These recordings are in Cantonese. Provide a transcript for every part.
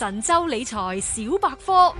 神州理財小百科，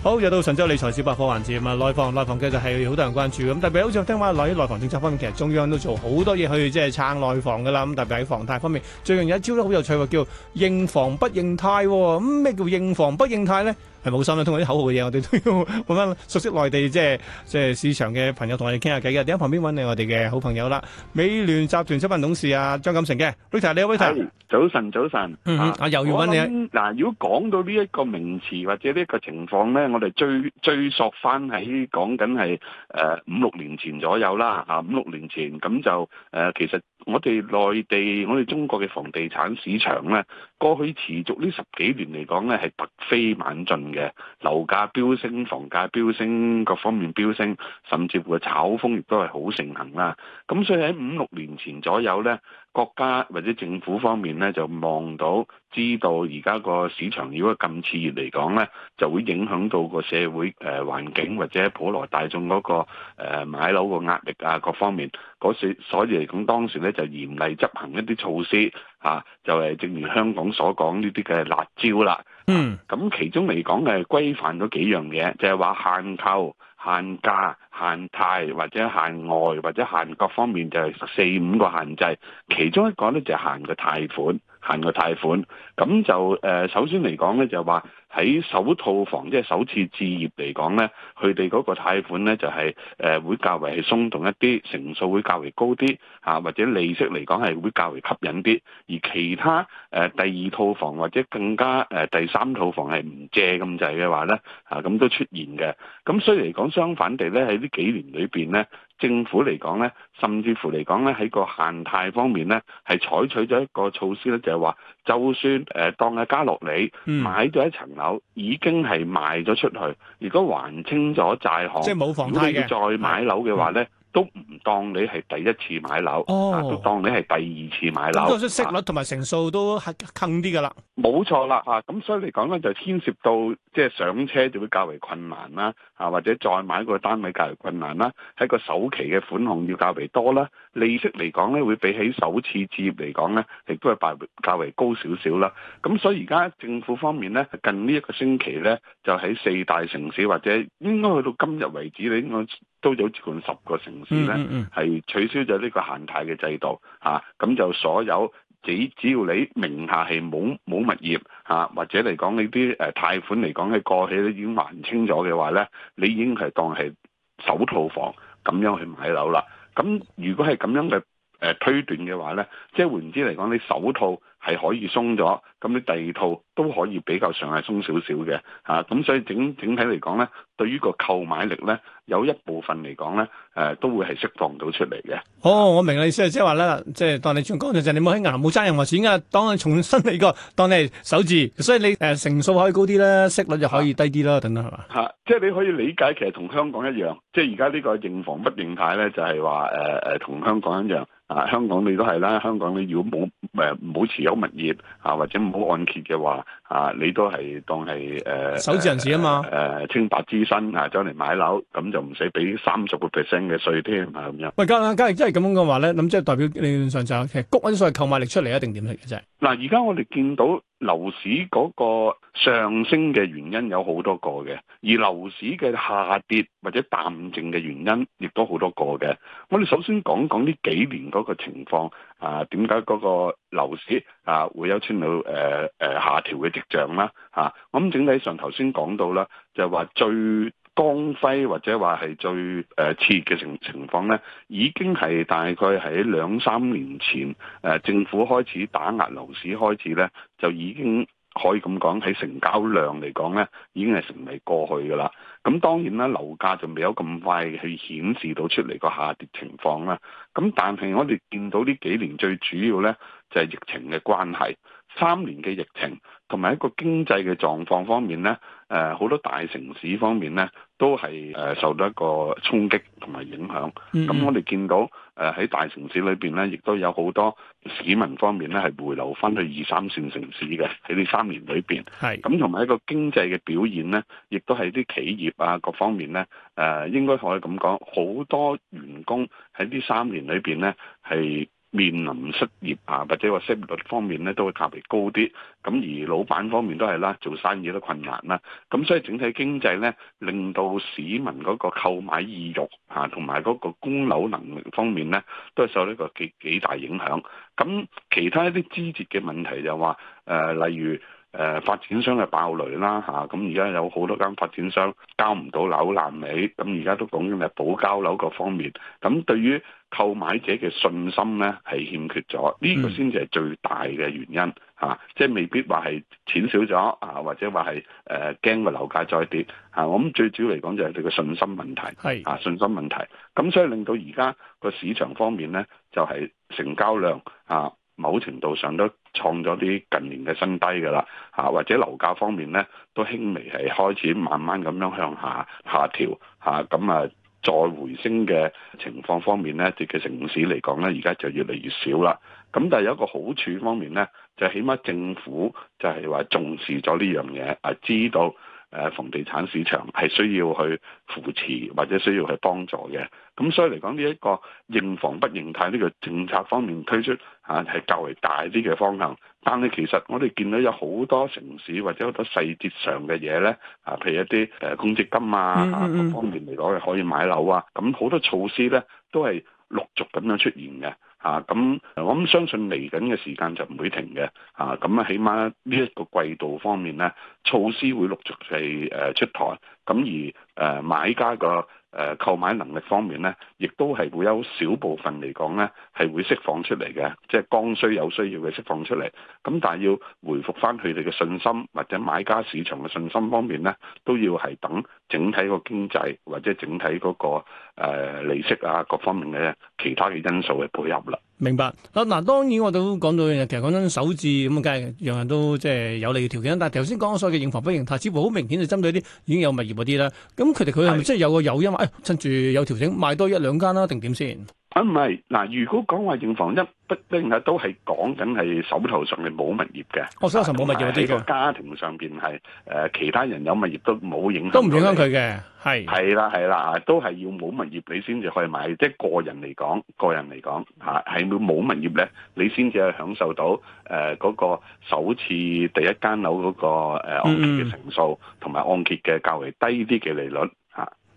好又到神州理財小百科環節啊！內房內房其實係好多人關注，咁特別好似聽話內內房政策方面，其實中央都做好多嘢去即係撐內房噶啦。咁特別喺房貸方面，最近有一招都好有趣叫認房不認貸。咁咩、嗯、叫認房不認貸咧？呢係冇心啦，通過啲口號嘅嘢，我哋都要揾翻熟悉內地即係即係市場嘅朋友同我哋傾下偈嘅。點解旁邊揾你？我哋嘅好朋友啦，美聯集團執行董事啊張錦成嘅，Lucas，你好，Lucas，早晨，早晨，嗯，嗯，啊，啊又要揾你。嗱、呃，如果講到呢一個名詞或者呢一個情況咧，我哋追追溯翻喺講緊係誒五六年前左右啦，啊，五六年前咁就誒、呃、其實。我哋內地，我哋中國嘅房地產市場呢，過去持續呢十幾年嚟講呢，係突飛猛進嘅，樓價飆升、房價飆升，各方面飆升，甚至乎炒風亦都係好盛行啦。咁所以喺五六年前左右呢。國家或者政府方面咧，就望到知道而家個市場如果咁熾熱嚟講咧，就會影響到個社會誒、呃、環境或者普羅大眾嗰、那個誒、呃、買樓個壓力啊各方面，嗰時所以嚟講當時咧就嚴厲執行一啲措施嚇、啊，就係、是、正如香港所講呢啲嘅辣招啦。嗯，咁、啊、其中嚟講係規範咗幾樣嘢，就係、是、話限購。限價、限貸或者限外或者限各方面就係四五個限制，其中一個咧就係限個貸款，限個貸款，咁就誒、呃、首先嚟講咧就係話。喺首套房即係首次置業嚟講咧，佢哋嗰個貸款咧就係、是、誒、呃、會較為鬆動一啲，成數會較為高啲嚇、啊，或者利息嚟講係會較為吸引啲。而其他誒、呃、第二套房或者更加誒、呃、第三套房係唔借咁滯嘅話咧嚇，咁、啊啊、都出現嘅。咁雖然嚟講相反地咧，喺呢幾年裏邊咧。政府嚟講咧，甚至乎嚟講咧，喺個限貸方面咧，係採取咗一個措施咧，就係、是、話，就算誒、呃、當嘅加樂裏買咗一層樓，已經係賣咗出去，如果還清咗債項，即係冇房貸，你要再買樓嘅話咧。的都唔當你係第一次買樓，哦、啊都當你係第二次買樓，咁個、嗯、息率同埋成數都係緊啲㗎啦。冇錯啦，嚇、啊、咁所以嚟講咧，就牽涉到即係上車就會較為困難啦，啊或者再買一個單位較為困難啦，喺個首期嘅款項要較為多啦，利息嚟講咧會比起首次置業嚟講咧，亦都係敗較為高少少啦。咁、啊、所以而家政府方面咧，近呢一個星期咧，就喺四大城市或者應該去到今日為止，你應該，都有接近十個城市咧，係、嗯嗯、取消咗呢個限貸嘅制度，嚇、啊、咁就所有只只要你名下係冇冇物業，嚇、啊，或者嚟講呢啲誒貸款嚟講係過去已經還清咗嘅話咧，你已經係當係首套房咁樣去買樓啦。咁、啊、如果係咁樣嘅誒、呃、推斷嘅話咧，即係換言之嚟講，你首套。係可以鬆咗，咁你第二套都可以比較上係鬆少少嘅，嚇、啊、咁、嗯、所以整整體嚟講咧，對於個購買力咧，有一部分嚟講咧，誒、啊、都會係釋放到出嚟嘅。哦，我明你意思，即係話咧，即係當你講就係你冇喺銀行冇揸任何錢㗎，當你重新嚟過，當你係首置，所以你誒成數可以高啲啦，息率就可以低啲啦，啊、等等係嘛？嚇，即係、啊就是、你可以理解，其實同香港一樣，即係而家呢個應房不應貸咧，認房不認貸，就係話誒誒同香港一樣，啊香港你都係啦，香港你要冇誒冇持有如果。物業啊，或者冇按揭嘅話。啊！你都係當係誒，首次人士啊嘛，誒、啊、清白之身啊，將嚟買樓，咁就唔使俾三十個 percent 嘅稅添啊，咁樣。喂，梗係真係咁樣嘅話咧，咁即係代表理論上就係谷嗰啲所謂購買力出嚟一定點嚟嘅啫。嗱，而家我哋見到樓市嗰個上升嘅原因有好多個嘅，而樓市嘅下跌或者淡靜嘅原因亦都好多個嘅。我哋首先講講呢幾年嗰個情況啊，點解嗰個樓市啊會有穿到誒誒下調嘅？像啦嚇，咁、啊、整體上頭先講到啦，就係話、是、最光輝或者話係最誒熾熱嘅情情況咧，已經係大概喺兩三年前誒、呃、政府開始打壓樓市開始咧，就已經可以咁講喺成交量嚟講咧，已經係成為過去㗎喇。咁、嗯、當然啦，樓價就未有咁快去顯示到出嚟個下跌情況啦。咁、嗯、但係我哋見到呢幾年最主要咧，就係、是、疫情嘅關係。三年嘅疫情同埋一個經濟嘅狀況方面咧，誒、呃、好多大城市方面咧都係誒、呃、受到一個衝擊同埋影響。咁、嗯嗯、我哋見到誒喺、呃、大城市裏邊咧，亦都有好多市民方面咧係回流翻去二三線城市嘅喺呢三年裏邊。係咁同埋一個經濟嘅表現咧，亦都係啲企業啊各方面咧誒、呃、應該可以咁講，好多員工喺呢三年裏邊咧係。面臨失業啊，或者話失業率方面咧，都會較為高啲。咁而老闆方面都係啦，做生意都困難啦。咁所以整體經濟咧，令到市民嗰個購買意欲啊，同埋嗰個供樓能力方面咧，都係受呢個幾幾大影響。咁其他一啲枝節嘅問題就話，誒、呃、例如。誒、呃，發展商嘅爆雷啦嚇，咁、啊、而家有好多間發展商交唔到樓爛尾，咁而家都講緊係補交樓各方面，咁對於購買者嘅信心咧係欠缺咗，呢、這個先至係最大嘅原因嚇、啊，即係未必話係錢少咗啊，或者話係誒驚個樓價再跌嚇、啊，我諗最主要嚟講就係佢嘅信心問題係嚇信心問題，咁是、啊啊、所以令到而家個市場方面咧就係、是、成交量啊某程度上都。創咗啲近年嘅新低㗎啦，嚇或者樓價方面咧都輕微係開始慢慢咁樣向下下調嚇，咁啊，啊再回升嘅情況方面咧，對嘅城市嚟講咧，而家就越嚟越少啦。咁但係有一個好處方面咧，就起碼政府就係話重視咗呢樣嘢啊，知道。誒房地產市場係需要去扶持或者需要去幫助嘅，咁所以嚟講呢一個認房不認貸呢個政策方面推出嚇、啊、係較為大啲嘅方向，但係其實我哋見到有好多城市或者好多細節上嘅嘢咧，啊譬如一啲誒公積金啊各方面嚟攞嘅可以買樓啊，咁好多措施咧都係陸續咁樣出現嘅。啊，咁我相信嚟緊嘅時間就唔會停嘅，啊，咁啊，起碼呢一個季度方面咧，措施會陸續係誒出台。咁而誒、呃、買家個誒、呃、購買能力方面咧，亦都係會有少部分嚟講咧，係會釋放出嚟嘅，即、就、係、是、剛需有需要嘅釋放出嚟。咁但係要回覆翻佢哋嘅信心，或者買家市場嘅信心方面咧，都要係等整體個經濟或者整體嗰、那個、呃、利息啊各方面嘅其他嘅因素嘅配合啦。明白嗱嗱、啊，當然我都講到，其實講緊首字咁梗係人人都即係、就是、有利嘅條件。但係頭先講咗所謂嘅認房不認貸，似乎好明顯係針對啲已經有物業嗰啲啦。咁佢哋佢係咪即係有個誘因買的、哎？趁住有調整，買多一兩間啦，定點先？咁唔係嗱，如果講話認房一不丁啊，都係講緊係手頭上面冇物業嘅。我、哦、手頭冇物業嘅呢個家庭上邊係誒其他人有物業都冇影響，都影響，都唔影響佢嘅，係係啦係啦，都係要冇物業你先至可以買，即係個人嚟講，個人嚟講嚇係冇冇物業咧，你先至係享受到誒嗰、呃那個首次第一間樓嗰、那個按揭嘅成數同埋按揭嘅較為低啲嘅利率。呃嗯嗯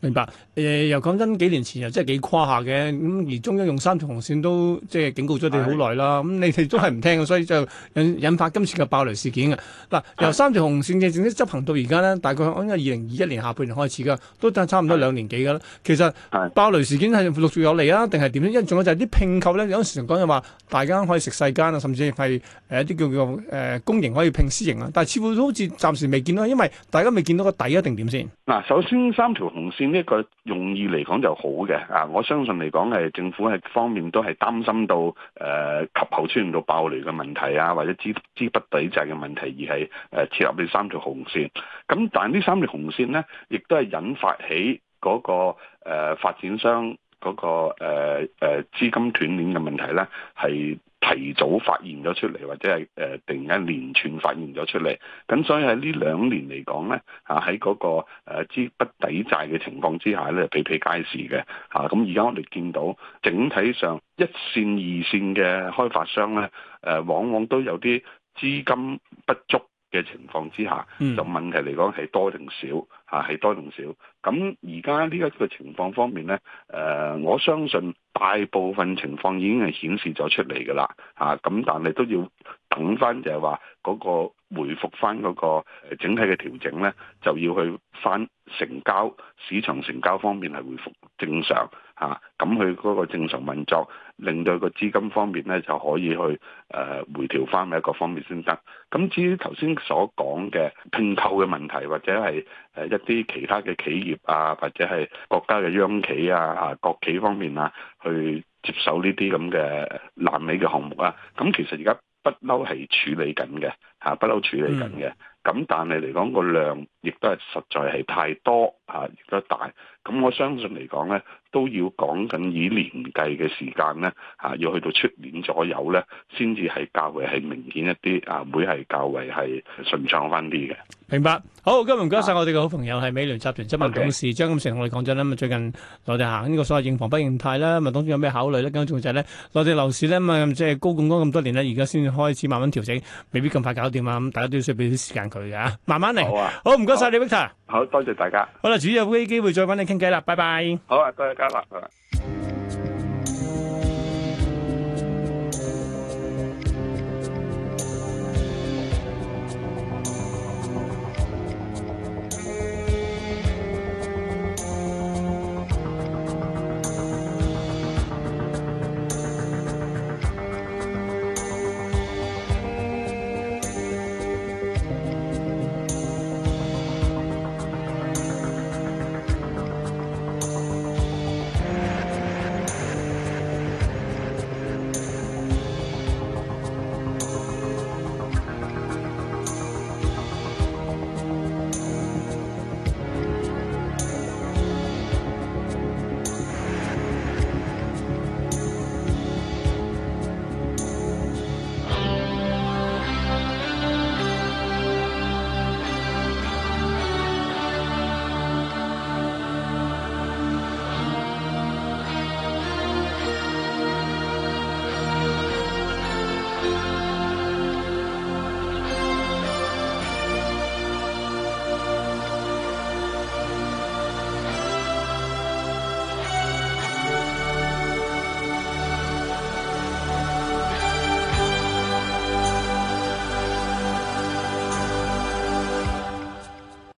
明白，誒、呃、又講真，幾年前又真係幾誇下嘅，咁而中央用三條紅線都即係警告咗你好耐啦，咁的、嗯、你哋都係唔聽，所以就引發今次嘅爆雷事件嘅。嗱、啊，由三條紅線嘅正式執行到而家咧，大概應該二零二一年下半年開始噶，都差唔多兩年幾噶啦。其實爆雷事件係陸續有嚟啊，定係點咧？因為仲有就係啲併購咧，有陣時講就話，大家可以食世間啊，甚至係誒一啲叫做誒公營可以併私營啊，但係似乎都好似暫時未見到，因為大家未見到個底一定點先？嗱，首先三條紅線。呢個用意嚟講就好嘅啊！我相信嚟講係政府係方面都係擔心到誒、呃、及後出現到爆雷嘅問題啊，或者資資不抵債嘅問題而，而係誒設立呢三條紅線。咁、嗯、但係呢三條紅線呢，亦都係引發起嗰、那個誒、呃、發展商。嗰、那個誒誒、呃、資金斷鏈嘅問題咧，係提早發現咗出嚟，或者係誒、呃、突然一連串發現咗出嚟。咁所以喺呢兩年嚟講咧，啊喺嗰、那個誒、啊、資不抵債嘅情況之下咧，比比皆是嘅。嚇、啊，咁而家我哋見到整體上一線、二線嘅開發商咧，誒、啊、往往都有啲資金不足。嘅情況之下，就、嗯、問題嚟講係多定少嚇，係多定少？咁而家呢一個情況方面咧，誒、呃，我相信大部分情況已經係顯示咗出嚟㗎啦，嚇、啊、咁，但係都要等翻，就係話嗰個回復翻嗰個整體嘅調整咧，就要去翻成交市場成交方面係回復正常。嚇，咁佢嗰個正常運作，令到個資金方面咧就可以去誒、呃、回調翻嘅一個方面先生，咁、啊、至於頭先所講嘅拼購嘅問題，或者係誒一啲其他嘅企業啊，或者係國家嘅央企啊、嚇、啊、國企方面啊，去接手呢啲咁嘅爛尾嘅項目啊，咁、啊、其實而家不嬲係處理緊嘅。嚇，不嬲處理緊嘅，咁、嗯、但係嚟講個量亦都係實在係太多嚇、啊，亦都大。咁我相信嚟講咧，都要講緊以年計嘅時間咧，嚇、啊、要去到出年左右咧，先至係較為係明顯一啲啊，會係較為係順暢翻啲嘅。明白。好，今日唔該晒我哋嘅好朋友係、啊、美聯集團執行董事 okay. 張錦成同我哋講咗啦。咁最近內地行呢個所謂認房不認貸啦，當中有咩考慮咧？咁仲就係咧內地樓市咧，咪即係高共嗰咁多年咧，而家先開始慢慢調整，未必咁快搞。咁大家都要俾啲時間佢嘅，慢慢嚟。好啊，好唔該晒你，Victor，好，Victor 好，好多謝大家。好啦，主要有呢啲機會再揾你傾偈啦，拜拜。好啊，多謝嘉樂。